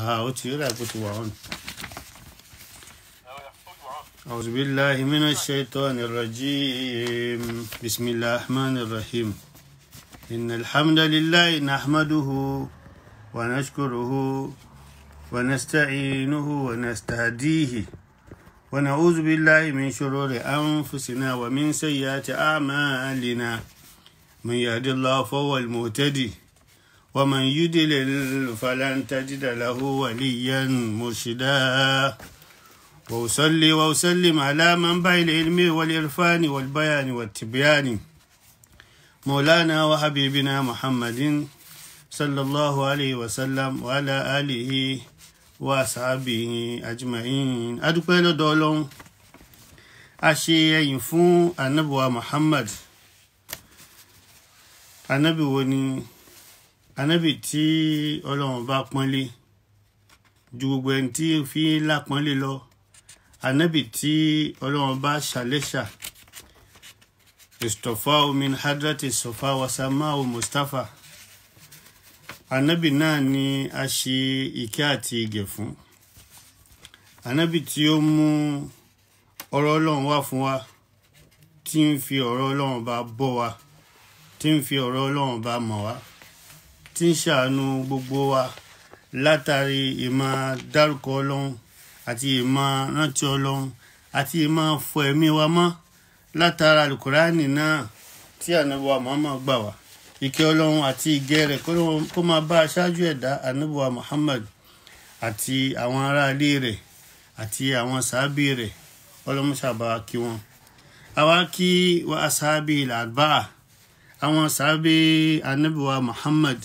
how to like put on أعوذ بالله من الشيطان الرجيم بسم الله الرحمن الرحيم إن الحمد لله نحمده ونشكره ونستعينه ونستهديه ونعوذ بالله من شرور أنفسنا ومن سيئات أعمالنا من يهد الله فهو المهتدي ومن يدلل فلن تجد له وليا مرشدا وأصلي وأسلم على بين العلم والإرفان والبيان والتبيان مولانا وحبيبنا محمد صلى الله عليه وسلم وعلى آله وأصحابه أجمعين أدوكي دولون أشيئين فون النبوة محمد النبي anábì tí ọlọ́run bá pọ́nlé ju gbogbo ẹni tí fi ń là pọ́nlé lọ anábì tí ọlọ́run bá ṣàlẹ́ṣà istofa min hadrati sofa wasamau mustapha anábì náà ni a ṣe ìkẹ́ àti ìgẹ̀ fún anábì tí ó mú ọ̀rọ̀ ọlọ́run wá fún wa tí ń fi ọ̀rọ̀ ọlọ́run bá bọ́ wa tí ń fi ọ̀rọ̀ ọlọ́run bá mọ̀ wá tí ń ṣàánú gbogbo wa látàrí ìmọ̀ dárúkọ ọlọ́run àti ìmọ̀ rántí ọlọ́run àti ìmọ̀ fọ ẹ̀mí wa mọ́ látara alukurani náà tí ànábọ̀wá Muhammad gbà wá ìkẹ́ ọlọ́run àti ìgẹ́ rẹ̀ kó máa bá aṣáájú ẹ̀dá ànábọ̀wá Muhammad àti àwọn aráalé rẹ̀ àti àwọn sàábì rẹ̀ ọlọ́múṣàbá kí wọn. àwa kí wa asábì làbá àwọn sàábì ànábọ̀wá Muhammad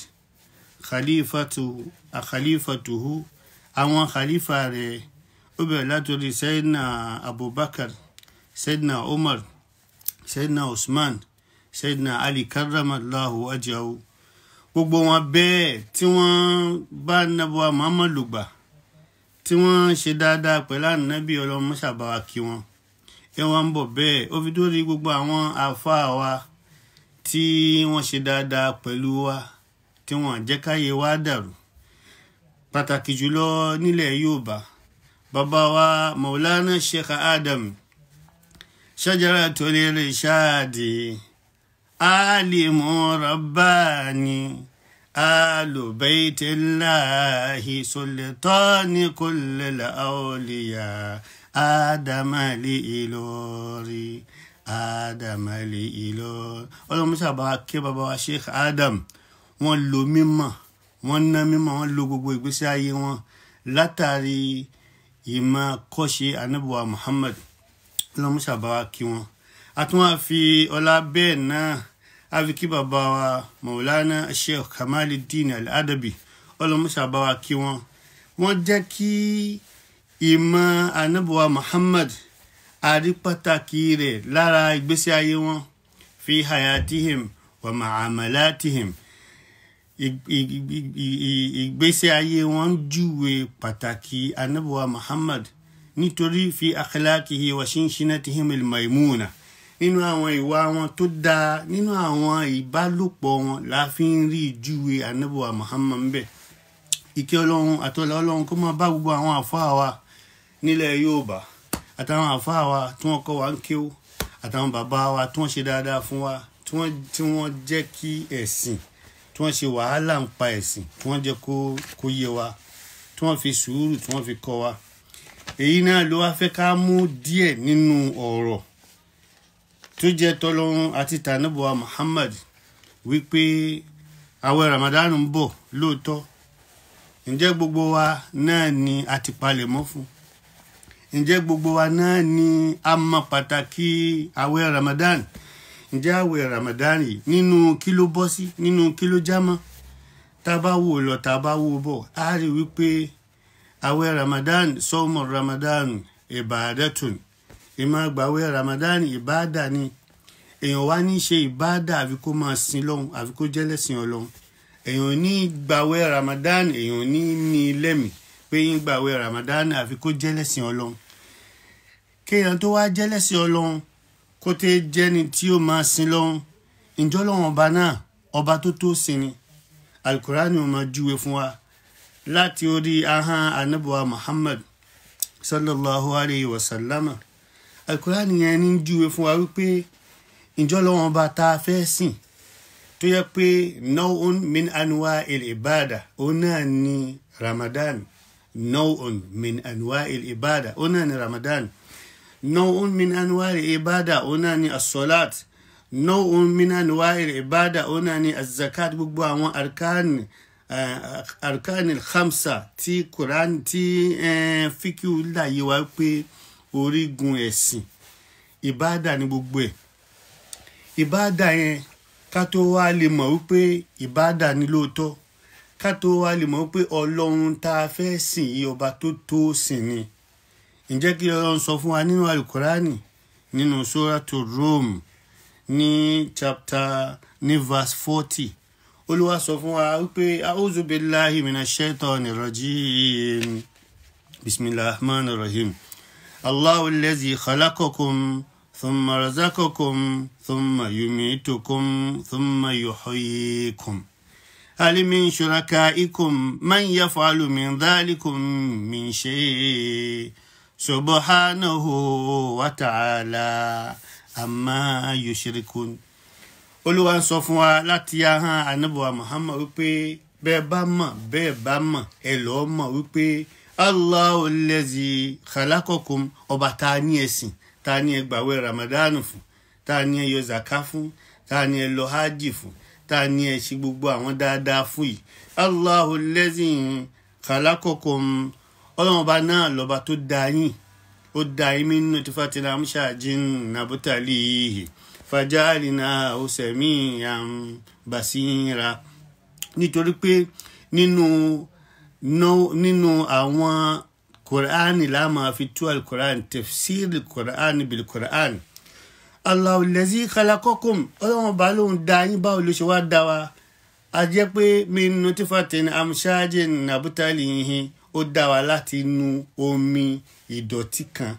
khalifatuhu àwọn khalifa rẹ̀ ó bẹ̀rẹ̀ látòrí sayyidina abubakar sayyidina umar sayyidina usman sayyidina ali karramallahu ajahu gbogbo wọn bẹ́ẹ̀ tí wọ́n bá nàbọ̀wá muhammad lùgbà tí wọ́n ṣe dáadáa pẹ̀lú ànábì ọlọ́mọ ṣàbáwá kí wọn ẹ wọn ń bọ̀ bẹ́ẹ̀ ó fi dórí gbogbo àwọn àfáà wa tí wọ́n ṣe dáadáa pẹ̀lú wa tí wọ́n jẹ́ káyé wa dàrú pàtàkì jùlọ nílẹ̀ Yorùbá bàbá wa Maulana Sheikh Adam Shajaratuli Rishadi alimu rabbani alubaitillahi sultani kullil awliya adamali ilori adamali ilori ọlọmọṣà bá ké bàbá wa Sheikh Adam wọ́n lo mímọ̀ wọ́n ná mímọ̀ wọ́n lo gbogbo ìgbésí ayé wọn látàrí ìmọ̀ kọ́ṣe anábùwà Muhammad lọ́múṣàbáwá kí wọn a tún wá fi ọlá bẹ́ẹ̀ náà a fi kí bàbá wa Maulana Sheikh Kamaluddin Al-Adabi ọlọ́múṣàbáwá kí wọn wọ́n jẹ́ kí ìmọ̀ anábùwà Muhammad àrí pàtàkì rẹ̀ lára ìgbésí ayé wọn fi hayatihim wa ma'amalatihim. Ma ìgbésí ayé wọn júwe pàtàkì anábùwà muhammad nítorí fi akhlaqihi wa shinshinathim al-maymuna nínú àwọn ìwà wọn tó dáa nínú àwọn ìbálòpọ̀ wọn la fi ń rí ìjúwe anábùwà muhammad ń bẹ̀ ìkẹ́ ọlọ́run àtọ́lá ọlọ́run kó máa bá gbogbo àwọn àfáà wa nílẹ̀ yorùbá àtàwọn àfáà wa tí wọ́n kọ́ wa ń kéwò àtàwọn bàbá wa tí wọ́n ṣe dáadáa fún wa tí wọ́n jẹ́ kí ẹ̀sìn. E tí wọ́n ṣe wàhálà ń pa ẹ̀sìn tí wọ́n jẹ́ kó yé wa tí wọ́n fi sùúrù tí wọ́n fi kọ́ wa èyí náà ló wá fẹ́ ká mú díẹ̀ nínú ọ̀rọ̀ tó jẹ́ tọ́lọ́run àti tànàbọ̀wá Muhammad wípé àwẹ̀ Ramadan ń bọ̀ lóòótọ́ ǹjẹ́ gbogbo wa náà ni a ti palẹ̀ mọ́ fún ǹjẹ́ gbogbo wa náà ni a mọ pàtàkì àwẹ̀ Ramadan ǹjẹ́ àwẹ̀ ramadani, yìí nínú kí ló bọ́ sí nínú kí ló já mọ́ tá a bá wò lọ tá a bá wò bọ̀ á rí wípé àwẹ̀ Ramadan sọ́mọ Ramadan ìbàdàtún ìmọ̀ Ramadan ìbàdà ni èèyàn wá ní ṣe ìbàdà àfi kó máa sin lọ́hùn àfi kó jẹ́lẹ́sìn ọlọ́hun èèyàn ní gbàwẹ̀ Ramadan èèyàn ní ní lẹ́mìí pé yín gbàwẹ̀ Ramadan àfi kó jẹ́lẹ́sìn ọlọ́hun kéèyàn tó wá jẹ́lẹ́sìn ọlọ́hun kó tẹ́ jẹ́ni tí ó máa sin lọ́hún ǹjọ́ lọ́wọ́n ọba náà ọba tó tó sin ni alukurani ó máa fún wa láti orí ahán anábọ̀wá muhammad sallallahu alayhi wa sallama alukurani yẹn ní júwe fún wa wípé ǹjọ́ lọ́wọ́n ọba tá a fẹ́ sìn tó yẹ pé nau'un min anwa il ibada òun náà ni ramadan nau'un min anwa il ibada òun náà ni ramadan. نوع من أنواع العبادة أناني الصلاة نوع من أنواع العبادة أناني الزكاة بقبوا عن أركان أركان الخمسة تي قرآن تي فيكيو لا يوابي orígun ẹ̀sìn ìbáàdà ni gbogbo ẹ̀ ìbáàdà yẹn ká tó wá lè mọ̀ wípé ìbáàdà ni lóòótọ́ ká tó wá lè mọ̀ wípé ọlọ́run tá a fẹ́ sìn yí ọba tó tó sìn ni ǹjẹ́ kí ọlọ́run sọ fún wa nínú alukurani nínú suratu Rum ní chapter ní verse forty olúwa sọ fún wa wípé a'udhu billahi minash shaitani rajim bismillahir rahmanir rahim allahu allazi khalaqakum thumma razaqakum thumma yumitukum thumma yuhyikum. هل من شركائكم من يفعل من ذلكم من شيء subhanahu wa ta'ala amma yushrikun olúwa ń sọ fún wa láti ahọ́n anábọ̀wá muhammad wípé bẹ́ẹ̀ bá mọ̀ bẹ́ẹ̀ bá mọ̀ ẹ lọ́ọ́ mọ̀ wípé allahu allazi khalaqakum ọba tá a ní ẹ̀sìn tá a ẹ gbàwẹ̀ ramadan fún tá a ẹ yọ zaka fún tá a ẹ lọ hajj fún tá a ẹ ṣe gbogbo àwọn dáadáa fún yìí allahu allazi khalaqakum ọlọ́run ọba náà lọ́ba tó dá yín ó dá yín mí nínú tífà tí náà ṣáà jìn nàbútàlì ìhì fàjáàlì náà ó sẹ̀mí àbàṣírà nítorí pé nínú nínú àwọn kùránì la máa fi tú kùránì bìlì kùránì aláwùlẹ́sí kálákọ́kùn ọlọ́run lòun dá yín báwo ló ṣe wá dá wa a jẹ́ pé mi tí náà ṣáà jìn nàbútàlì ìhì ó dá wa láti inú omi ìdọ̀tí kan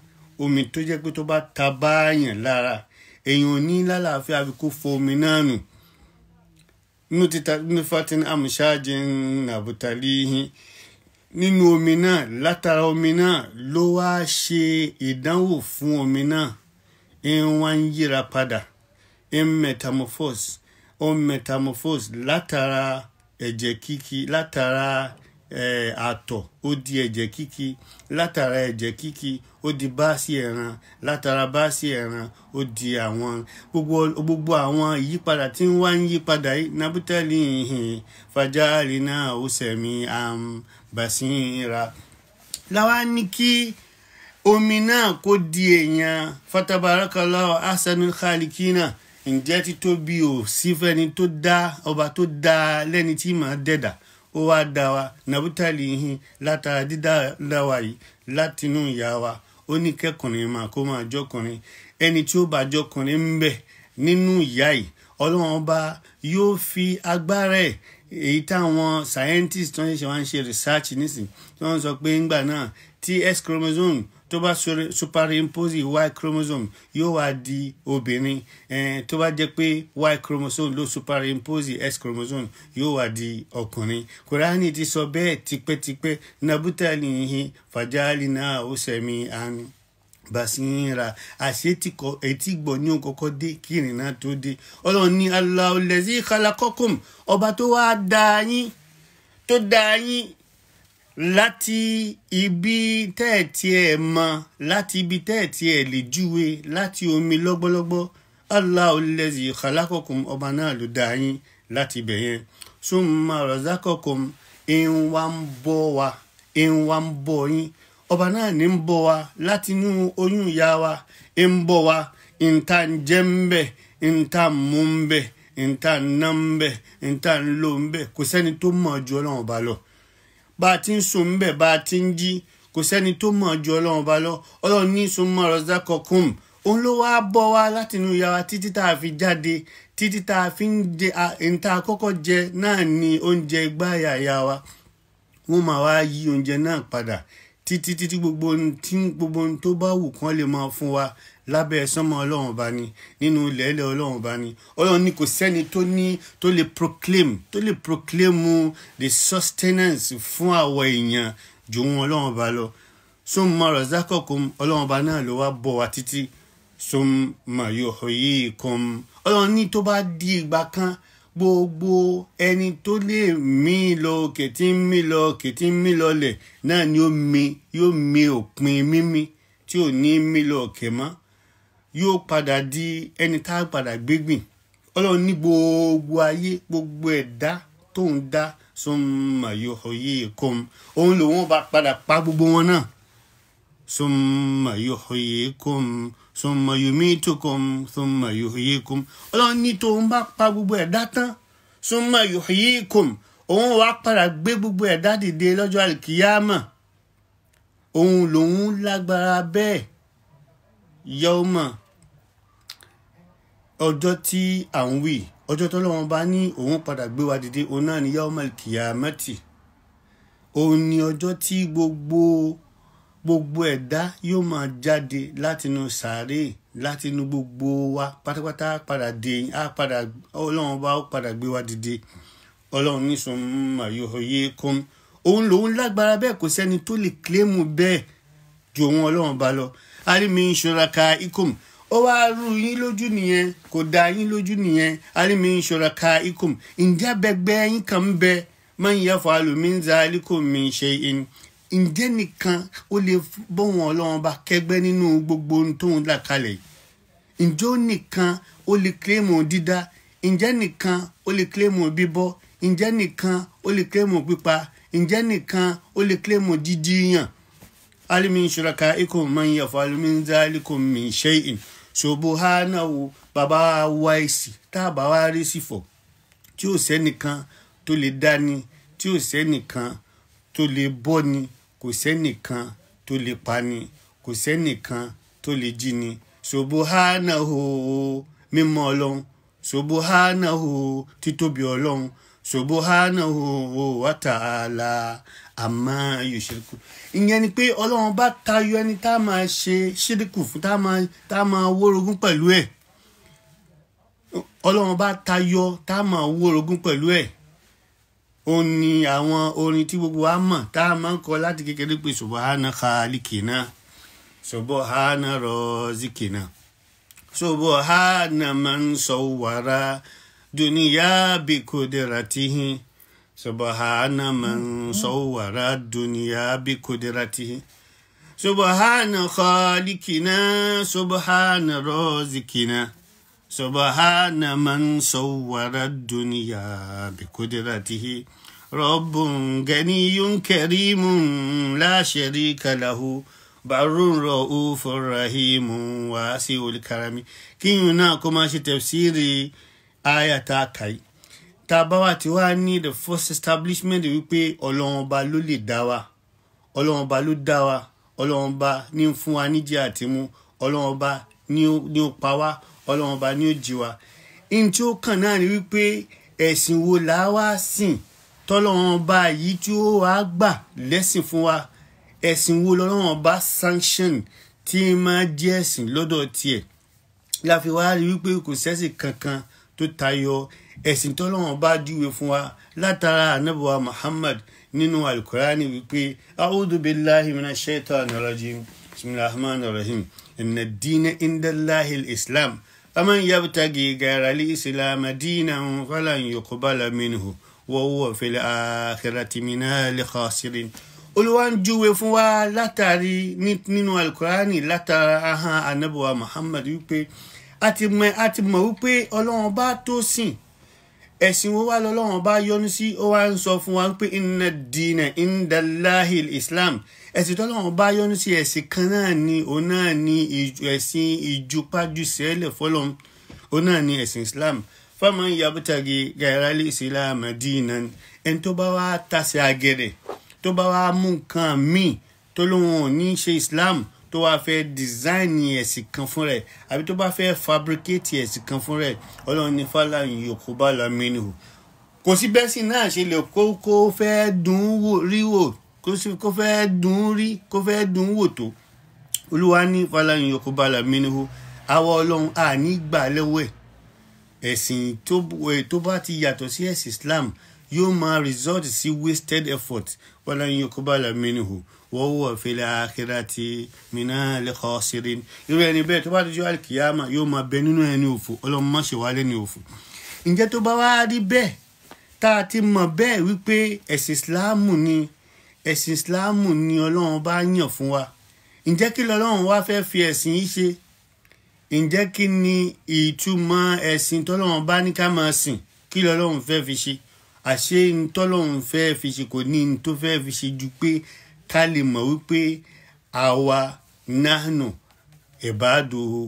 omi tó jẹ́ pé tó bá ta báàyàn lára èèyàn ò ní lálàáfíà fi kó fọ omi náà nù nínú títa nínú fatin amusaji nàbùtàlíhìn nínú omi náà látara omi náà ló wá ṣe ìdánwò fún omi náà ń ń yíra padà ń metamorphose ó metamorphose látara ẹ̀jẹ̀ kíkí látara Eh, àtọ̀ ó di ẹ̀jẹ̀ kíkì látara ẹ̀jẹ̀ kíkì ó di báàsì ẹran látara báàsì ẹran ó di àwọn gbogbo gbogbo àwọn ìyípadà tí ń wá ń yípadà yìí nabutali hìn fajari náà ó sẹ̀mí àbàṣínra láwa ní kí omi náà kó di èèyàn fatabarakallahu ahsanul khalikina ǹjẹ́ títóbi ò sífẹ́ni tó dá ọba tó dá lẹ́ni tí màá dẹ̀dà ó wá dá wa nàbútàlì yìí látara dídá dáwà yìí látinú ìyá wa ó ní kẹkùnrin mà kó máa jọkùnrin ẹni tí ó bá jọkùnrin ń bẹ nínú ìyá yìí ọlọ́run ọba yóò fi agbára ẹ̀ èyí táwọn scientist tó ń ṣe wá ń ṣe research nísìnyí tí wọ́n sọ pé ńgbà náà tí x chromosome tó bá superimpose y chromosome yóò wá di obìnrin tó bá jẹ́ pé y chromosome ló superimpose x chromosome yóò wá di ọkùnrin kùránì ti sọ bẹ́ẹ̀ tipẹ́tipẹ́ nabutali yìí fàjálì náà ó sẹ̀mí àánú basira àṣetíkọ etí gbọ ní òun kọ́kọ́ dé kí ìrìn náà tó dé Ọlọ́run ní Allahu allazi khalaqakum ọba tó wá dá yín tó dá yín láti ibi tẹ́ ẹ̀ tiẹ̀ mọ̀ láti ibi tẹ́ ẹ̀ tiẹ̀ lè júwe láti omi lọ́gbọ́lọ́gbọ́ Allahu lẹ́sì khalaqakum ọba náà ló dá yín láti ibẹ̀ yẹn summa razaqakum ìhun wa ń bọ́ wa ìhun wa ń bọ́ yín ọba náà ní ń bọ́ wa láti inú oyún ìyá wa ń bọ́ wa ìta ń jẹ́ ń bẹ̀ ìta ń mú ń bẹ̀ ìta ń ná ń bẹ̀ ìta ń lò ń bẹ̀ kò sẹ́ni tó mọ̀ ju ọlọ́run ọba lọ bá a ti ń sùn ńbẹ̀ bá a ti ń jí kò sẹ́ni tó mọ̀ ju ọlọ́run ba lọ ọlọ́run ní summa razaqakum òun ló wáá bọ́ wá látinú yàrá títí tá a fi jáde títí tá a fi ń jẹ níta kọ́kọ́ jẹ náà ni oúnjẹ gbáyà yà wa wọ́n máa wá yí oúnjẹ náà padà títí títí gbogbo ohun tó bá wù kán lè máa fún wa lábẹ́ sánmọ́ ọlọ́run ọba ni nínú ilẹ̀ ilẹ̀ ọlọ́run ọba ni ọlọ́run ni kò sẹ́ni tó ní tó lè proclaim tó lè proclaim the sustenance fún àwọ̀ èèyàn ju wọn ọlọ́run ọba lọ summa razaqakum ọlọ́run ọba náà ló wá bọ̀ wá títí summa yuhyikum ọlọ́run ní tó bá di ìgbà kan gbogbo ẹni tó lè mí lọ òkè tí ń mí lọ òkè tí ń mí lọlẹ̀ náà ni ó mi yóò mi òpin mímí tí ò ní mí lọ òkè mọ́ yóò padà di ẹni tá a padà gbégbìn ọlọ́run ní gbogbo ayé gbogbo ẹ̀dá tó ń dá summa yuhyikum òun lòun bá padà pa gbogbo wọn náà summa yuhyikum summa yumitukum summa yuhyikum ọlọ́run ní tóun bá pa gbogbo ẹ̀dá tán summa yuhyikum òun wá padà gbé gbogbo ẹ̀dá dìde lọ́jọ́ àlìkíyàmà òun lòun lágbára bẹ́ẹ̀ yawma ọjọ́ tí à ń wí ọjọ́ tó lọ́wọ́n bá ní òun padà gbé wa dìde òun náà ní yaumal kiyamati òun ni ọjọ́ tí gbogbo gbogbo ẹ̀dá yóò máa jáde látinú sàárè látinú gbogbo wa pátápátá padà dé á padà ọlọ́run bá ó padà gbé wa dìde ọlọ́run ní summa yuhyikum òun lòun lágbára bẹ́ẹ̀ kò sẹ́ni tó lè kílẹ́mù bẹ́ẹ̀ ju òun ọlọ́run bá lọ. alimi shuraka ikum ó wáá rú yín lójú nìyẹn kò dá yín lójú nìyẹn alimi ìṣọra ka ikum ǹjẹ́ abẹ́gbẹ́ yín kan ń bẹ máa ń yẹ fọ alùmíńzà alikum mi ṣe in ǹjẹ́ nìkan ó lè bọ́wọ́n ọlọ́run bá kẹgbẹ́ nínú gbogbo ohun tóun là kalẹ̀ ǹjẹ́ ó nìkan ó lè kílèmù dídá ǹjẹ́ nìkan ó lè kílèmù bíbọ́ ǹjẹ́ nìkan ó lè kílèmù pípa ǹjẹ́ nìkan ó lè kílèmù jíjíyàn alimi ìṣọra ka ikum máa ń yẹ fọ alùmíńzà alikum mi ṣe in ṣòbóhánà baba bàbá wa èsì tá a bá wa rí sí fọ̀ tí ò sẹ́nìkan tó lè dání tí ò sẹ́nìkan tó lè bọ́ni kò sẹ́nìkan tó lè pani kò sẹ́nìkan tó lè jíni ṣòbóhánà o mímọ́ ọlọ́run ṣòbóhánà títóbi ọlọ́run subhanahu wa ta'ala Ama yushriku ìyẹn ni pé ọlọ́run bá tayọ ẹni tá a máa ṣe ṣíríkù fún tá a máa wórogún pẹ̀lú ẹ̀ ọlọ́run bá tayọ tá a máa wórogún pẹ̀lú ẹ̀ ó ní àwọn orin tí gbogbo wa mọ̀ tá a máa ń kọ láti kékeré pé subhana khalikina subhana razikina subhana man الدنيا بقدرته سبحان من صور الدنيا بقدرته سبحان خالقنا سبحان رازقنا سبحان من صور الدنيا بقدرته رب غني كريم لا شريك له بر رؤوف رحيم واسع الكرم كي هناك ماشي تفسيري aya tá a kà yìí tá a bá wà the first establishment wípé ọlọ́run ọba ló lè dá wa ọlọ́run ọba ló dá wa ọlọ́run ọba ní ń fún wa níjẹ àtìmú ọlọ́run ọba ní ó pa wá ọlọ́run ọba ní ó jí wa ihun tí ó kàn náà ni wípé ẹ̀sìn wo là á wá sìn tọ́lọ́run ọba yìí tí ó wá gbà lẹ́sìn fún wa ẹ̀sìn wo lọ́lọ́run ọba sanction tí máa jẹ́ ẹ̀sìn lọ́dọ̀ tiẹ̀ la wá rí wípé kò sẹ́sìn kankan tó tayọ ẹ̀sìn tọ́lọ́wọ́n bá júwe fún wa látara anábọ̀wá Muhammad nínú alukurani wípé a'udhu billahi minash shaitanir rajim bismillahir rahmanir rahim inna ad-dina indallahi al-islam faman yabtaghi ghayra al-islam dinan falan yuqbala minhu wa huwa fil akhirati minal khasirin olúwa ń júwe fún wa látàrí nínú alukurani látara ahọ́n anábọ̀wá Muhammad wípé a ti mọ̀ a ti mọ̀ wípé ọlọ́run bá tó sìn ẹ̀sìn wo wá lọ́lọ́run bá yọ́nú sí ó wá ń sọ fún wa pé inna dina indallahi islam ẹ̀sìn tọ́lọ́run bá yọ́nú sí ẹ̀sìn kan náà ni òun náà ni ẹ̀sìn ìjùpájù sẹ́lẹ̀ fọlọ́run òun náà ni ẹ̀sìn islam faman yabtagi gairali islam dinan ẹni tó bá wá tasẹ̀ àgẹ̀rẹ̀ tó bá wá mú nǹkan míì tó lóun ò ní ṣe islam tó wá fẹ́ dìzáìnì ẹ̀sìn kan fún rẹ̀ àbí tó bá fẹ́ fabricate ẹ̀sìn kan fún rẹ̀ ọlọ́run ní fàlàyé yòókù bá lámínú kò sí bẹ́sìn náà ṣe lè kó kó fẹ́ dùn rí wò kó fẹ́ dùn rí kó fẹ́ dùn wò tó olúwa ní fàlàyé yòókù bá lámínú àwa ọlọ́run à gbà lẹ́wọ̀ ẹ̀ ẹ̀sìn tó bá ti yàtọ̀ sí ẹ̀sìn Islam yóò máa result sí wasted effort wàlàyé yòókù bá lámínú wọ́wọ́ fẹlẹ́ àkẹ́rẹ́tì mìíràn lẹ́kọ́ ṣẹ́rin irú ẹni bẹ́ẹ̀ tó bá dojú àlìkìyàmà yóò máa bẹ nínú ẹni òfò ọlọ́run má ṣe wálé ní òfò ǹjẹ́ tó bá wá rí bẹ́ẹ̀ tá a ti mọ̀ bẹ́ẹ̀ wípé ẹ̀sìn ìsìláàmù ni ẹ̀sìn ìsìláàmù ni ọlọ́run bá yàn fún wa ǹjẹ́ kí lọ́lọ́run wá fẹ́ fi ẹ̀sìn yìí ṣe ǹjẹ́ kí ni ìtumọ̀ ẹ̀sìn tọ́lọ́run bá ní ká máa sìn kí lọ́lọ́run fẹ́ fi ṣe àṣé ntọ́lọ́run fẹ́ fi ṣe kò ní ntó fẹ́ fi ṣe ju pé ká lè mọ̀ wípé àwa nahnu ibaduhu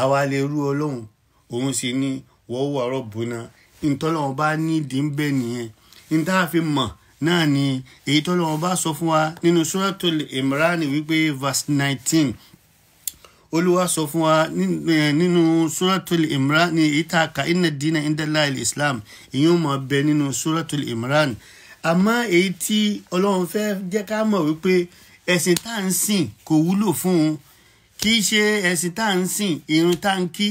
àwa lè rú ọlọ́run òun sì ni wa huwa rabbuna ìtọ́lọ́run bá nídìí ń bẹ̀ nìyẹn níta fi mọ̀ náà ni èyí tọ́lọ́run bá sọ fún wa nínú Suratul Imran wípé verse nineteen olúwa sọ fún wa eh, nínú Suratul Imran ní ìtàkà inna dina inda Allahil Islam ìyẹn ó máa bẹ nínú Suratul Imran àmọ́ èyí tí ọlọ́run fẹ́ jẹ́ ká mọ̀ wípé ẹ̀sìn tá à ń sìn kò wúlò fún un kì í ṣe ẹ̀sìn tá à ń sìn irun tá à ń kí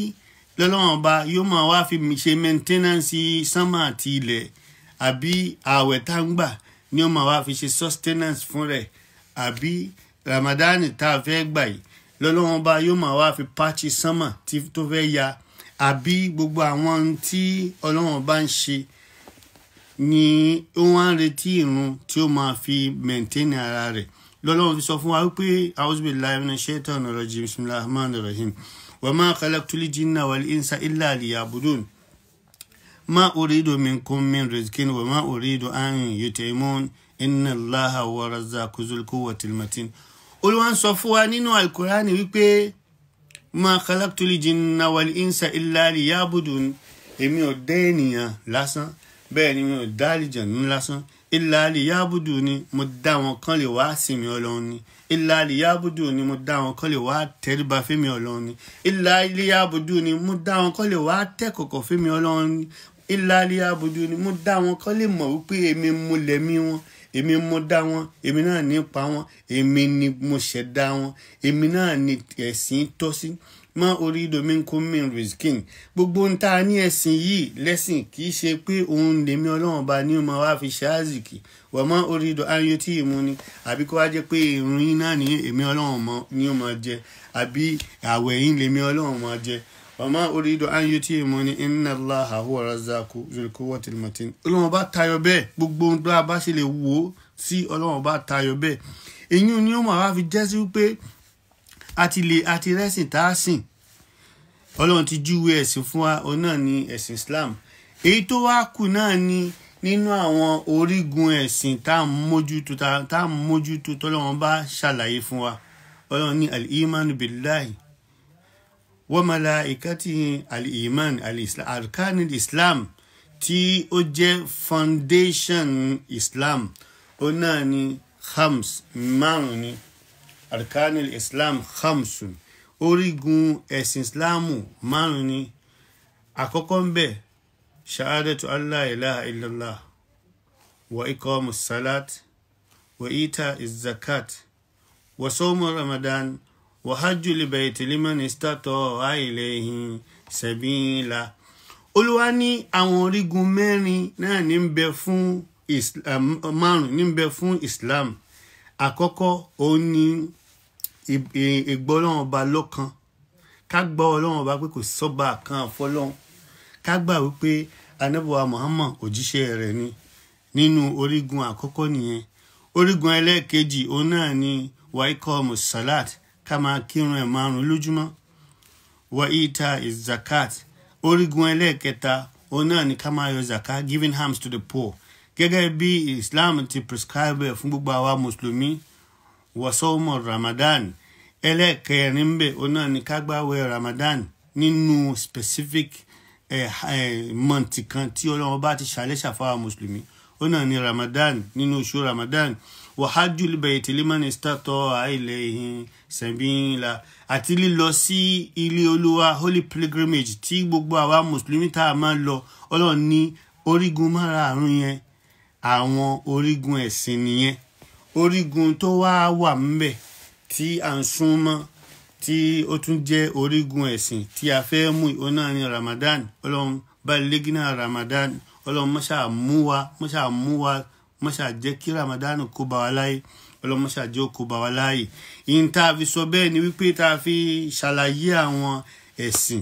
lọ́lọ́run ọba yóò máa wá fi ṣe mẹ́ńtẹ́nánsì sánmà àti ilẹ̀ àbí ààwẹ̀ tá à ń gbà ni ó máa wá fi ṣe sustenance fún rẹ̀ àbí ramadani tá a fẹ́ gbà yìí lọ́lọ́run ọba yóò máa wá fi pàṣẹ sánmà tó fẹ́ ya àbí gbogbo àwọn tí ọlọ́run ọba ń ṣe ni ó wá ń retí irun tí ó máa fi maintain ara rẹ̀ lọ́lọ́run fi sọ fún wa wípé auzubillahi minash shaitanir rajim bismillahir rahmanir rahim wa ma khalaqtul jinna wal insa illa liya'budun ma uridu minkum min rizqin wa ma uridu an yut'imun inna allaha wa razzaqu dhul quwwatil matin olúwa ń sọ fún wa nínú alukurani wípé ma khalaqtul jinna wal insa illa liya'budun èmi ò dá ènìyàn lásán bẹ́ẹ̀ ni wọn ò dá àlìjẹ̀nu lásán ilà àlìyábùdù ni mo dá wọn kan lè wá sinmi ọlọ́run ni ilà àlìyábùdù ni mo dá wọn kan lè wá tẹríba fẹ́mi ọlọ́run ni ilà àlìyábùdù ni mo dá wọn kan lè wá tẹ́kọ̀kọ̀ fẹ́mi ọlọ́run ni ilà àlìyábùdù ni mo dá wọn kan lè mọ̀ wípé èmi mo lẹ̀mí wọn èmi mo dá wọn èmi náà ní pa wọn èmi ni mo ṣẹ̀dá wọn èmi náà ni ẹ̀sìn tọ́ sí mọ́ orí dominkum min rizkin gbogbo ń ta ní ẹ̀sìn yìí lẹ́sìn kì í ṣe pé òun lèmi ọlọ́run ọba ní ọmọ wa fi ṣe àzìkì wọ́n orí do ayé tí ni àbí kó wá jẹ́ pé ìrun yín náà ní èmi ọlọ́run mọ́ ní ọmọ jẹ àbí àwẹ̀ yín lèmi ọlọ́run mọ́ jẹ wọ́n mọ́ orí do ayé tí ì mú ni inna Allaha huwa razzaqu zul quwwatil matin ọlọ́run ọba tayọ bẹ́ẹ̀ gbogbo ohun tó a bá ṣe lè wò ó sí ọlọ́run ọba tayọ bẹ́ẹ̀ àti lè àti rẹ́sìn tá a sìn ọlọ́run ti júwe ẹ̀sìn fún wa òun náà ni ẹ̀sìn Islam èyí tó wá kù náà ni nínú àwọn orígun ẹ̀sìn tá à ń mójútó tá à ń mójútó tọ́lọ́wọ́n bá ṣàlàyé fún wa ọlọ́run ní al-imanu billahi wa malaikatihi al-iman arkani Islam tí ó jẹ́ foundation Islam òun náà ni khams márùn ni arkanil islam khamsun orígun ẹ̀sìn islamu márùn ni àkọ́kọ́ ń bẹ̀ ṣahadatu allah ilaha illallah wa ikomu salat wa ita izakat wa somu ramadan wa hajju libaiti liman istato ilayhi sabila olúwa ní àwọn orígun mẹ́rin náà ní ń bẹ fún islam márùn ní ń bẹ fún islam àkọ́kọ́ òun ni ìgbọ́ ọlọ́run ọba lọ́kan ká gbọ́ ọlọ́run ọba pé kò sọ́ba kan àfọlọ́run ká gbà wípé anábọ̀wá Muhammad òjíṣẹ́ rẹ̀ ni nínú orígun àkọ́kọ́ nìyẹn orígun ẹlẹ́ẹ̀kejì òun náà ni waikomu salat ká máa kírun ẹ̀ márùn lójúmọ́ waita is zakat orígun ẹlẹ́ẹ̀kẹta òun náà ni ká máa yọ zakat giving alms to the poor gẹ́gẹ́ bí Islam ti prescribe fún gbogbo àwa mùsùlùmí wọ́sọ́mọ̀ Ramadan ẹlẹ́ẹ̀kẹrin bẹ̀ òun náà ni kágbáwẹ̀ Ramadan nínú specific mọ̀ǹtì kan tí ọlọ́run bá ti ṣàlẹ́ṣà fáwọn mùsùlùmí òun náà ni Ramadan nínú oṣù Ramadan wàhájú libẹ̀yìtì límọ̀nì sítátọ̀ àìlẹ̀ ìhìn sẹ̀bìnlá àti lílọ sí ilé olúwa holy pilgrimage tí gbogbo àwa mùsùlùmí tá a máa lọ ọlọ́run ní orígun márààrún yẹn àwọn orígun ẹ̀sìn nìyẹn orígun tó wá wà ńbẹ̀ tí à ń sún mọ́ tí ó tún jẹ́ orígun ẹ̀sìn tí a fẹ́ mú ìwọ ní Ramadan ọlọ́run balẹ̀gínà Ramadan ọlọ́run mọ́ṣá mú wa mọ́ṣá mú wa mọ́ṣá jẹ́ kí Ramadan kó bá wa láyé ọlọ́run mọ́ṣá jẹ́ kó bá wa láyé yìí tá a fi sọ bẹ́ẹ̀ ni wípé tá a fi ṣàlàyé àwọn ẹ̀sìn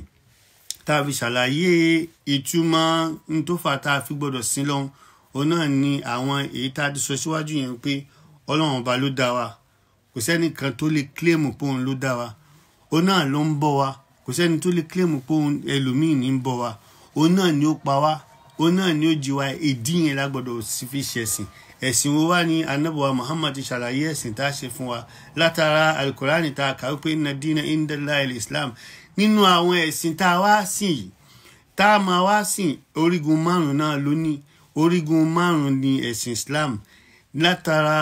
tá a fi ṣàlàyé ìtumọ̀ ntòfà tá a fi gbọ́dọ̀ sin lọ́hùn òun náà ni àwọn èyí tá a ti sọ síwájú yẹn pé ọlọ́run ọba ló dá wa kò sẹ́nìkan tó lè kílèmù pé òun ló dá wa òun náà ló ń bọ́ wa kò sẹ́ni tó lè kílèmù pé òun ẹlòmíì ní ń bọ́ wa òun náà ni ó pa wá òun náà ni ó jí wa ìdí yẹn lágbọ́dọ̀ fi ṣẹ̀sìn ẹ̀sìn wo wá ní anábọ̀wá Muhammad ti ṣàlàyé ẹ̀sìn tá a ṣe fún wa látara alukurani tá kà wípé inna dina indala islam nínú àwọn ẹ̀sìn tá a wá sìn yìí tá a máa wá sìn orígun márùn-ún náà lónìí orígun márùn ni ẹ̀sìn Islam látara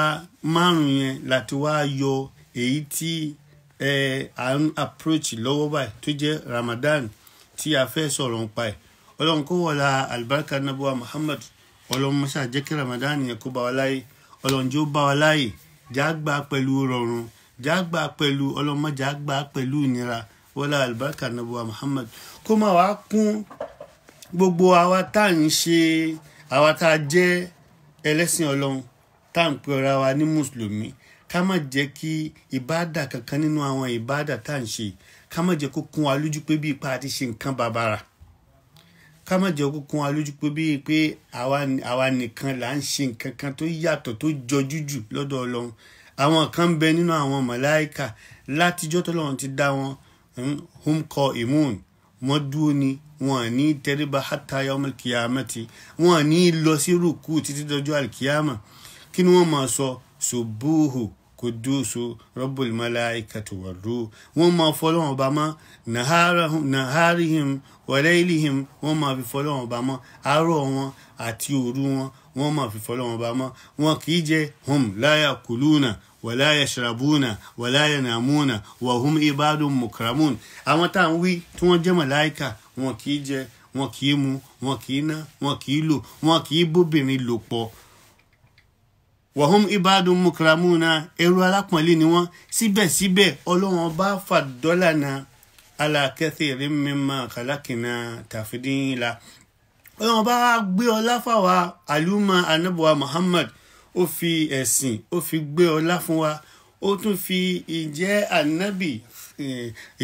márùn-ún yẹn láti wá yọ èyí tí à ń approach lọ́wọ́ báyìí tó jẹ́ Ramadan tí a fẹ́ sọ̀rọ̀ ń pa ẹ̀ ọlọ́run kó wọlá alibarika nabuwa Muhammad ọlọ́run mọ́ṣá jẹ́ kí Ramadan yẹn kó bá wa láyé ọlọ́run jó bá wa láyé jágbá pẹ̀lú rọrùn jágbá pẹ̀lú ọlọ́mọ jágbá pẹ̀lú ìnira wọlá alibarika nabuwa Muhammad kó máa wá kún gbogbo àwa tá à ń ṣe àwa tá a jẹ́ ẹlẹ́sìn ọlọ́run tá à ń pe ọ̀rá wa ní mùsùlùmí ká má jẹ́ kí ìbáàdà kankan nínú àwọn ìbáàdà tá à ń ṣe ká má jẹ́ kó kún wa lójú pé bí ipa àti ṣe nǹkan bàbàrà ká má jẹ́ kó kún wa lójú pé bí pé àwa nìkan là ń ṣe nǹkan kan tó yàtọ̀ tó jọjú jù lọ́dọ̀ ọlọ́run àwọn kan bẹ nínú àwọn màláíkà látijọ́ tọ́lọ́run ti dá wọn hmm, hum kọ imun wọ́n dúró ni wọ́n ní tẹríba hátà yọmọ kìyàmà tí wọ́n ní lọ sí rúkú títí dọjọ́ àlìkìyàmà kí ni wọ́n máa sọ ṣubúhù kudusu rabbul malaikati warru wọ́n máa fọlọ́wọ́n ọba mọ́ naharihim walailihim wọ́n máa fi fọlọ́wọ́n ọba mọ́ àárọ̀ wọn àti òru wọn wọ́n máa fi fọlọ́wọ́n ọba mọ́ wọn kì í jẹ hum láyà kùlúùnà ولا يشربون ولا ينامون وهم hum مكرمون mukramun àwọn tá à ń wí tí wọ́n jẹ́ màláìkà wọn kì í jẹ wọn kì í mu wọn kì í ná wọn kì í lò wọn kì í bóbìnrin lò pọ̀ wa hum ibadun mukramuna ẹrú alápọ̀nlé ni wọ́n síbẹ̀síbẹ̀ ọlọ́wọ́n bá fàdọ́là náà ala kathirin mimma khalaqna tafdila ọlọ́run bá gbé ọlá àlùmọ́ anábọ̀wá muhammad ó fi ẹ̀sìn ó fi gbé ọlá fún wa ó tún fi ìjẹ́ ànábì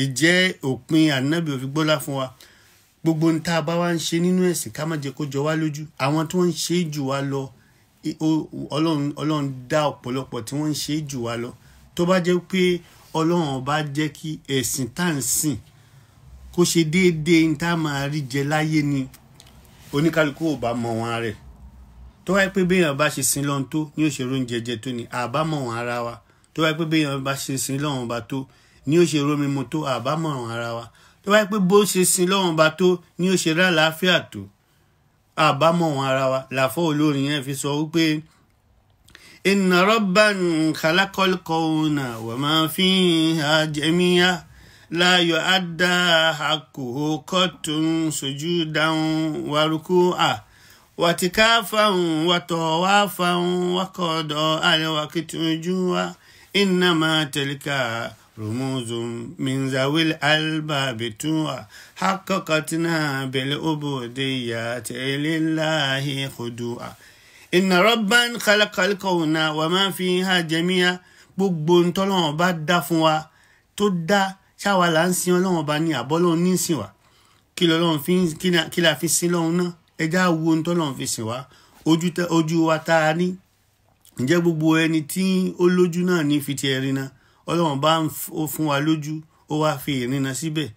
ìjẹ́ òpin ànábì ó fi gbọ́lá fún wa gbogbo ní tá a bá wá ń ṣe nínú ẹ̀sìn ká má jẹ́ kó jọ wá lójú àwọn tí wọ́n ń ṣe jù wá lọ ọlọ́run dá ọ̀pọ̀lọpọ̀ tí wọ́n ń ṣe jù wá lọ tó bá jẹ́ pé ọlọ́run bá jẹ́ kí ẹ̀sìn tá à ń sìn kó ṣe déédéé ní tá a máa rí jẹ láyé ni oníkálukú ò bá mọ wọn rẹ̀ tó wáyé pé béèyàn bá ṣe sin lọ́hún tó ní òṣèré oúnjẹ jẹ tó ni àbámọ̀ wọn ara wa tó wáyé pé béèyàn bá ṣe sin lọ́hún ba tó ní òṣèré omi mu tó àbámọ̀ wọn ara wa tó wáyé pé bó ṣe sin lọ́hún ba tó ní òṣèré àlàáfíà tó àbámọ̀ wọn ara wa làfọ́ olórin yẹn fi sọ wípé inna rabban khalaqal qawna wa ma fiha jami'a la yu'adda haqquhu qattun sujudan wa ruku'a. واعتكافا وطوافا وقضاء الوقت جوا إنما تلك رموز من ذوي الألباب توا حققتنا بالعبوديات لله خدوعا إن ربا خلق الكون وما فيها جميعا gbogbo ntọ́lọ́wọ́n bá dá fún wa tó dá ṣáwa là ń sin ọlọ́wọ́n bá ní àbọ́lọ́wọ́n ní ìsìn wa kí la fi sin lọ́hún náà ẹja wo ohun tọ́lọ́run fi sìn wá ojú wa tá a ní ǹjẹ́ gbogbo ẹni tí ó lójú náà ní fi ti ẹ̀rin náà ọlọ́run bá ó fún wa lójú ó wá fi ìrìnnà síbẹ̀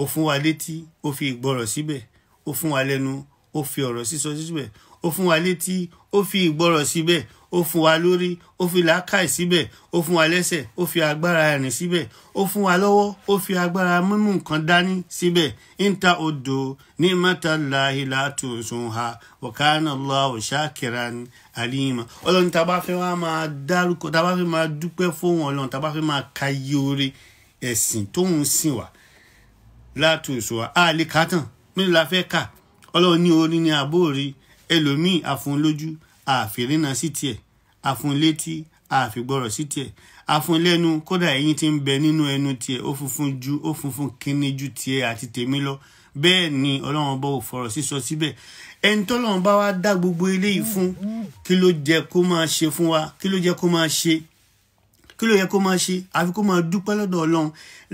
ó fún wa létí ó fi ìgbọ́rọ̀ síbẹ̀ ó fún wa lẹ́nu ó fi ọ̀rọ̀ sísọ síbẹ̀ ó fún wa létí ó fi ìgbọ́rọ̀ síbẹ̀ ó fún wa lórí ó fi làákàì síbẹ̀ ó fún wa lẹ́sẹ̀ ó fi agbára rìn síbẹ̀ ó fún wa lọ́wọ́ ó fi agbára mímú nǹkan dání síbẹ̀ níta odò ní mọ́tàlá ìlà tó sùn ha wọ̀kánà Allahu shakiran alima ọlọ́run tá a bá fẹ́ wá máa dárúkọ tá a bá fẹ́ máa dúpẹ́ fóun ọlọ́run tá a bá fẹ́ máa ka iye oore ẹ̀sìn tóun sìn wá láti òṣù wa àlè kàtàn mí la fẹ́ kà ọlọ́run ní orí ní àbóòrí ẹlòmíì àfúnlójú àfìrínà sí tiẹ̀ àfúnlétí àfìgbọ́rọ̀ sí tiẹ̀ àfúnlẹ́nu kódà eyín tí ń bẹ nínú ẹnu tiẹ̀ ó funfun ju ó funfun kínní ju tiẹ̀ àti tèmi lọ bẹ́ẹ̀ ni ọlọ́run bá ò fọ̀rọ̀ sísọ síbẹ̀ ẹni tọ́lọ́run bá wá dá gbogbo eléyìí fún kí ló jẹ́ kó máa ṣe fún wa kí ló jẹ́ kó máa ṣe kí ló yẹ kó máa ṣe àfi kó máa dúpẹ́ lọ́dọ̀ ọlọ́run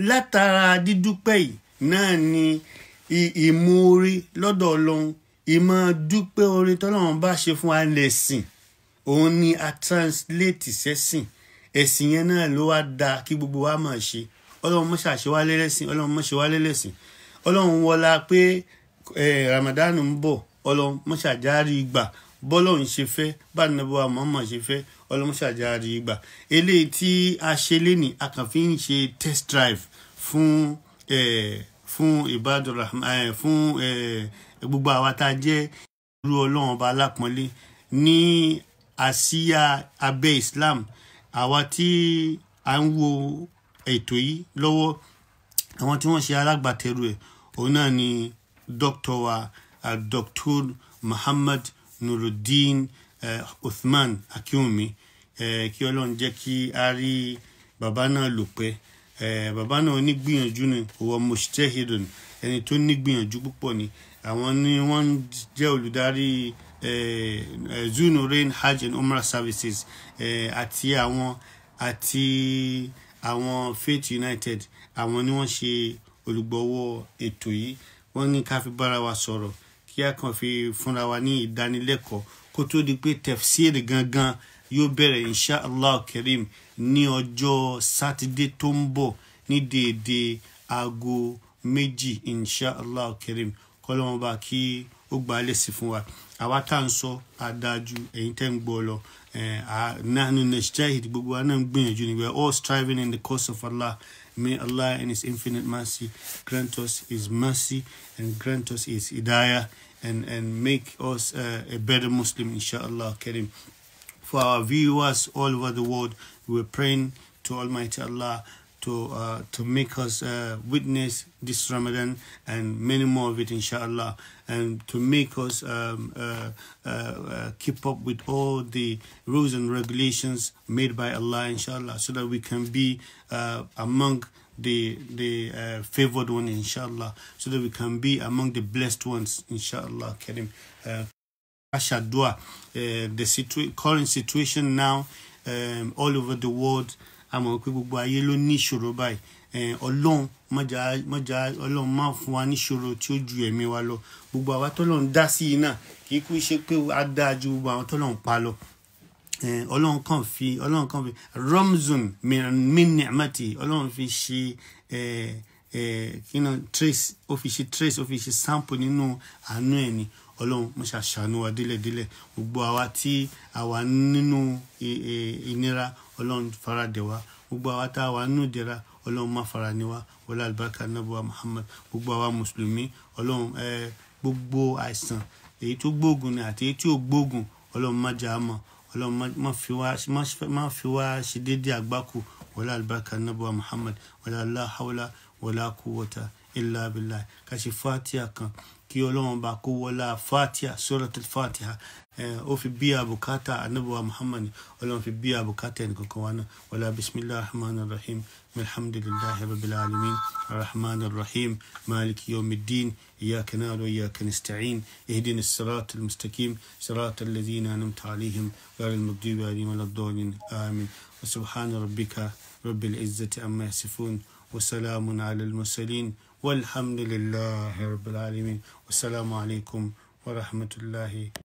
látara dídúpẹ́ yìí náà ni ìmoore lọ́dọ̀ ọlọ́run ìmọ̀ dúpẹ́ oore tọ́lọ́run bá ṣe fún wa lẹ̀sìn òun ni a translate sẹ́sìn ẹ̀sìn yẹn náà ló wá da kí gbogbo wa máa ṣe ọlọ́run mọ́ ṣàṣẹ wá lẹ́lẹ́sìn ọlọ́run mọ́ ṣe wá lẹ́lẹ́sìn ọlọ́run wọlá pé Ramadan ń bọ̀ ọlọ́run mọ́ ṣàjárí gbà bọ́lọ́run ṣe fẹ́ báyìí nàbọ̀ àmọ́mọ́ ṣe fẹ́ ọlọ́run ṣàjárí gbà eléyìí tí a ṣe léni a kàn fi ń ṣe test drive fún fún ibadurahman fún gbogbo àwa tá a jẹ́ irú ọlọ́run ọba alápọ̀nlé ní àsíá abẹ́ Islam àwa tí à ń wo ètò yìí lọ́wọ́ àwọn tí wọ́n ṣe alágbàtẹ́rù ẹ̀ òun náà ni dókítà wa eh, dr Muhammad Nuruddin eh, Uthman Akiwumi eh, kí Ọlọ́run jẹ́ kí a rí bàbá náà lò pẹ́ bàbá náà onígbìyànjú ni òwò mojtehidun ẹni tó nígbìyànjú púpọ̀ ni àwọn ni wọ́n jẹ́ olùdarí Eh, eh, Zunurin Hajj and Umrah Services ati eh, àwọn ati àwọn Faith United àwọn ni wọ́n ṣe olùgbọ́wọ́ ètò yìí wọ́n ní ká fi bára wa sọ̀rọ̀ kí a kàn fi fúnra wa ní ìdánilẹ́kọ̀ọ́ kó tó di pé tefsir gangan yóò bẹ̀rẹ̀ insha allah kerim ni ojo Saturday tó ń bọ̀ ní déédéé aago méjì insha allah kerim kọ́lọ́mọba ki ó gbà á lẹ́sìn fún wa. Our tá sọ adájú ẹ̀yin tẹ́ ń gbọ́ lọ nahnu najtahid gbogbo wa náà ń gbìyànjú ni we are all striving in the cause of Allah may Allah in his infinite mercy grant us his mercy and grant us his idaya and and make us uh, a better Muslim inshallah Karim for our viewers all over the world we're praying to Almighty Allah to uh, to make us uh, witness this Ramadan and many more of it, inshallah, and to make us um, uh, uh, uh keep up with all the rules and regulations made by Allah, inshallah, so that we can be uh, among the the favored ones, inshallah, so that we can be among the blessed ones, inshallah, Karim. Uh, do the situ current situation now um, all over the world a mọ̀ pé gbogbo ayé ló ní ìṣòro báyìí ọlọ́run mọ̀já mọ̀já ọlọ́run máa fún wa níṣòro tí ó ju ẹ̀mí wa lọ gbogbo àwa tọ́lọ́run dá sí i náà kì í kú ṣe pé a dáa ju gbogbo àwọn tọ́lọ́run pa lọ ọlọ́run kàn fi ọlọ́run kàn fi ramzun min ni'mati ọlọ́run fi ṣe kí náà trace ó fi ṣe trace ó fi ṣe sample nínú àánú ẹ̀ ni ọlọ́run mo ṣàṣàánú wa délẹ̀délẹ̀ gbogbo àwa tí a wà nínú e, e, ìnira ọlọ́run faradẹ̀ wa gbogbo àwa tá a wà nínú ìdẹ̀ra ọlọ́run má fara ni wa wọlé alibarika nabuwa muhammad gbogbo àwa mùsùlùmí ọlọ́run gbogbo àìsàn èyí tó gbóògùn ni àti èyí tí ò gbóògùn ọlọ́run má jà á mọ̀ ọlọ́run má fi wá ṣe déédéé àgbákò wọlé alibarika nabuwa muhammad wọlé aláhàwọlá wọlé akúwọta ilà abilà kàṣífà tí kan. كيولومبا كولا فاتحة سورة الفاتحة o fi biya bukata annabawa muhammad wala fi biya bukata ne kuka wani wala bismillah rahman rahim alhamdulillahi rabbil alamin rahman rahim maliki yawmiddin iyyaka na'budu wa iyyaka nasta'in ihdinas siratal mustaqim siratal ladzina an'amta alaihim ghayril maghdubi alaihim waladdallin amin wa subhana rabbika rabbil izzati amma yasifun wa salamun alal mursalin والحمد لله رب العالمين والسلام عليكم ورحمة الله